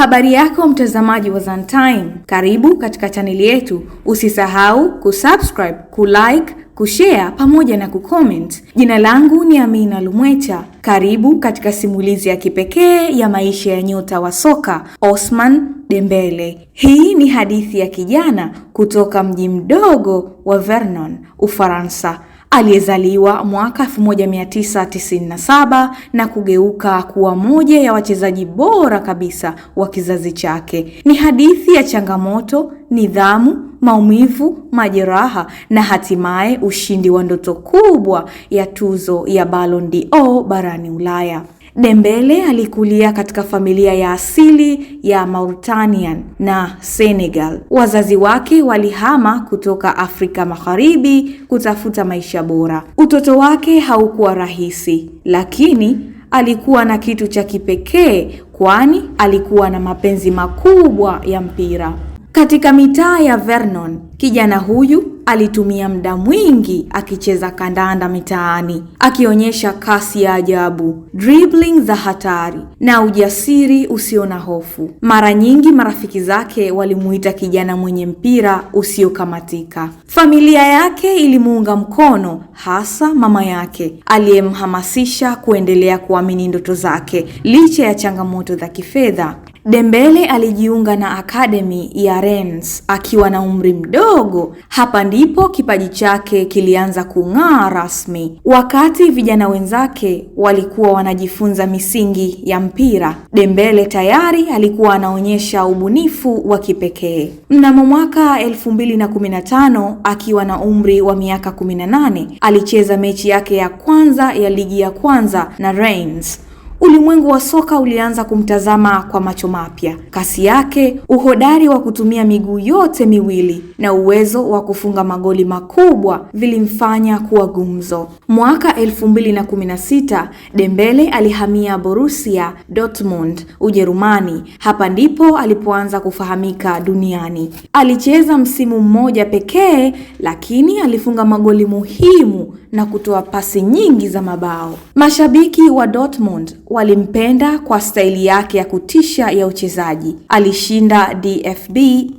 Habari yako mtazamaji wa Zantime, karibu katika chaneli yetu. Usisahau kusubscribe, kulike, kushare pamoja na kucomment. Jina langu ni Amina Lumwecha. Karibu katika simulizi ya kipekee ya maisha ya nyota wa soka Osman Dembele. Hii ni hadithi ya kijana kutoka mji mdogo wa Vernon, Ufaransa aliyezaliwa mwaka 1997 na kugeuka kuwa moja ya wachezaji bora kabisa wa kizazi chake. Ni hadithi ya changamoto, nidhamu maumivu, majeraha na hatimaye ushindi wa ndoto kubwa ya tuzo ya Ballon d'Or barani Ulaya. Dembele alikulia katika familia ya asili ya Mauritanian na Senegal. Wazazi wake walihama kutoka Afrika Magharibi kutafuta maisha bora. Utoto wake haukuwa rahisi, lakini alikuwa na kitu cha kipekee kwani alikuwa na mapenzi makubwa ya mpira. Katika mitaa ya Vernon, kijana huyu alitumia muda mwingi akicheza kandanda mitaani, akionyesha kasi ya ajabu, dribbling za hatari na ujasiri usio na hofu. Mara nyingi marafiki zake walimuita kijana mwenye mpira usiokamatika. Familia yake ilimuunga mkono, hasa mama yake aliyemhamasisha kuendelea kuamini ndoto zake licha ya changamoto za kifedha. Dembele alijiunga na akademi ya Rennes akiwa na umri mdogo. Hapa ndipo kipaji chake kilianza kung'aa rasmi. Wakati vijana wenzake walikuwa wanajifunza misingi ya mpira, Dembele tayari alikuwa anaonyesha ubunifu wa kipekee. Mnamo mwaka 2015 akiwa na umri wa miaka 18, alicheza mechi yake ya kwanza ya ligi ya kwanza na Rennes ulimwengu wa soka ulianza kumtazama kwa macho mapya. Kasi yake, uhodari wa kutumia miguu yote miwili na uwezo wa kufunga magoli makubwa vilimfanya kuwa gumzo. Mwaka 2016 Dembele alihamia Borussia Dortmund, Ujerumani. Hapa ndipo alipoanza kufahamika duniani. Alicheza msimu mmoja pekee, lakini alifunga magoli muhimu na kutoa pasi nyingi za mabao. Mashabiki wa Dortmund walimpenda kwa staili yake ya kutisha ya uchezaji. Alishinda DFB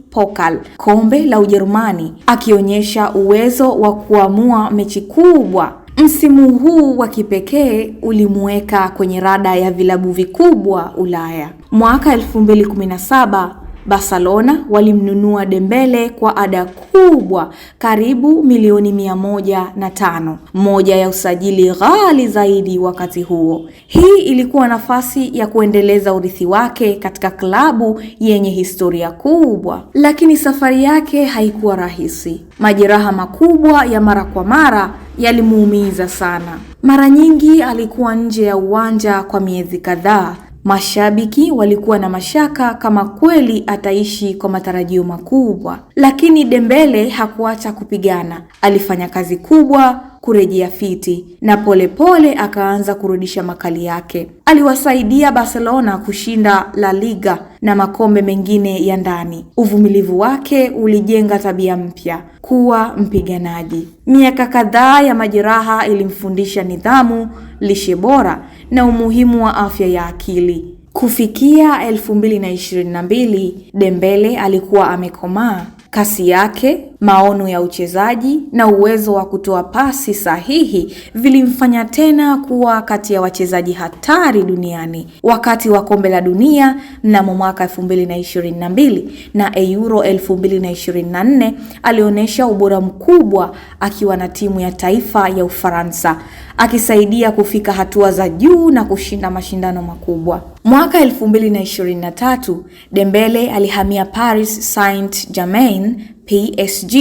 Pokal, kombe la Ujerumani, akionyesha uwezo wa kuamua mechi kubwa. Msimu huu wa kipekee ulimuweka kwenye rada ya vilabu vikubwa Ulaya. Mwaka 2017 Barcelona walimnunua Dembele kwa ada kubwa karibu milioni mia moja na tano, moja ya usajili ghali zaidi wakati huo. Hii ilikuwa nafasi ya kuendeleza urithi wake katika klabu yenye historia kubwa, lakini safari yake haikuwa rahisi. Majeraha makubwa ya mara kwa mara yalimuumiza sana. Mara nyingi alikuwa nje ya uwanja kwa miezi kadhaa Mashabiki walikuwa na mashaka kama kweli ataishi kwa matarajio makubwa, lakini Dembele hakuacha kupigana. Alifanya kazi kubwa kurejea fiti na polepole pole akaanza kurudisha makali yake. Aliwasaidia Barcelona kushinda La Liga na makombe mengine ya ndani. Uvumilivu wake ulijenga tabia mpya, kuwa mpiganaji. Miaka kadhaa ya majeraha ilimfundisha nidhamu, lishe bora na umuhimu wa afya ya akili. Kufikia 2022, Dembele alikuwa amekomaa. Kasi yake maono ya uchezaji na uwezo wa kutoa pasi sahihi vilimfanya tena kuwa kati ya wachezaji hatari duniani wakati wa kombe la dunia mnamo mwaka 2022 na Euro 2024 alionyesha ubora mkubwa akiwa na timu ya taifa ya Ufaransa akisaidia kufika hatua za juu na kushinda mashindano makubwa. Mwaka 2023 Dembele alihamia Paris Saint-Germain PSG.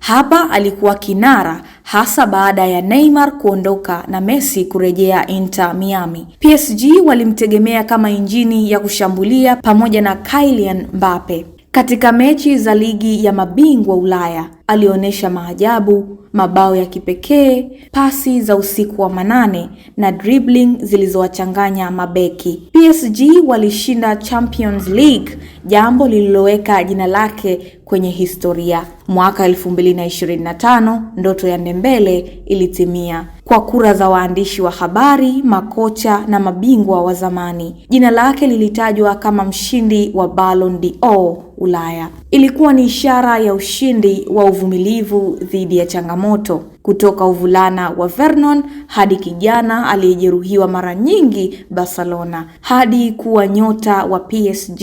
Hapa alikuwa kinara hasa baada ya Neymar kuondoka na Messi kurejea Inter Miami. PSG walimtegemea kama injini ya kushambulia pamoja na Kylian Mbappe. Katika mechi za ligi ya mabingwa Ulaya alionyesha maajabu, mabao ya kipekee, pasi za usiku wa manane na dribbling zilizowachanganya mabeki. PSG walishinda Champions League, jambo lililoweka jina lake kwenye historia. Mwaka 2025 ndoto ya Dembele ilitimia kwa kura za waandishi wa habari, makocha na mabingwa wa zamani. Jina lake lilitajwa kama mshindi wa Ballon d'Or Ulaya. Ilikuwa ni ishara ya ushindi wa uvumilivu dhidi ya changamoto, kutoka uvulana wa Vernon hadi kijana aliyejeruhiwa mara nyingi Barcelona, hadi kuwa nyota wa PSG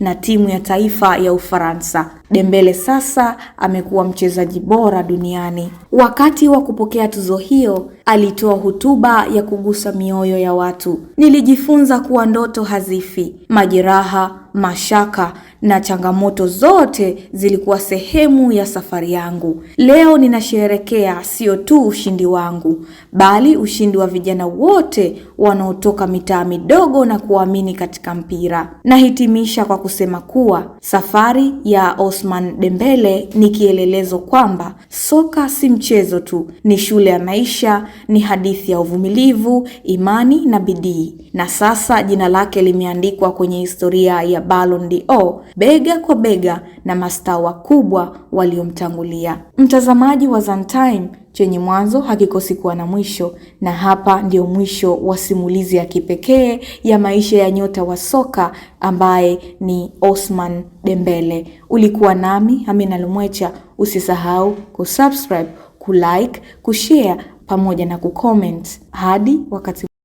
na timu ya taifa ya Ufaransa. Dembele sasa amekuwa mchezaji bora duniani. Wakati wa kupokea tuzo hiyo, alitoa hotuba ya kugusa mioyo ya watu. Nilijifunza kuwa ndoto hazifi, majeraha mashaka na changamoto zote zilikuwa sehemu ya safari yangu. Leo ninasherekea sio tu ushindi wangu, bali ushindi wa vijana wote wanaotoka mitaa midogo na kuamini katika mpira. Nahitimisha kwa kusema kuwa safari ya Osman Dembele ni kielelezo kwamba soka si mchezo tu, ni shule ya maisha, ni hadithi ya uvumilivu, imani na bidii. Na sasa jina lake limeandikwa kwenye historia ya Ballon d'Or bega kwa bega na mastaa wakubwa waliomtangulia. Mtazamaji wa Zantime, chenye mwanzo hakikosi kuwa na mwisho, na hapa ndio mwisho wa simulizi ya kipekee ya maisha ya nyota wa soka ambaye ni Osman Dembele. Ulikuwa nami Amina Lumwecha. Usisahau kusubscribe, kulike, kushare pamoja na kucomment. Hadi wakati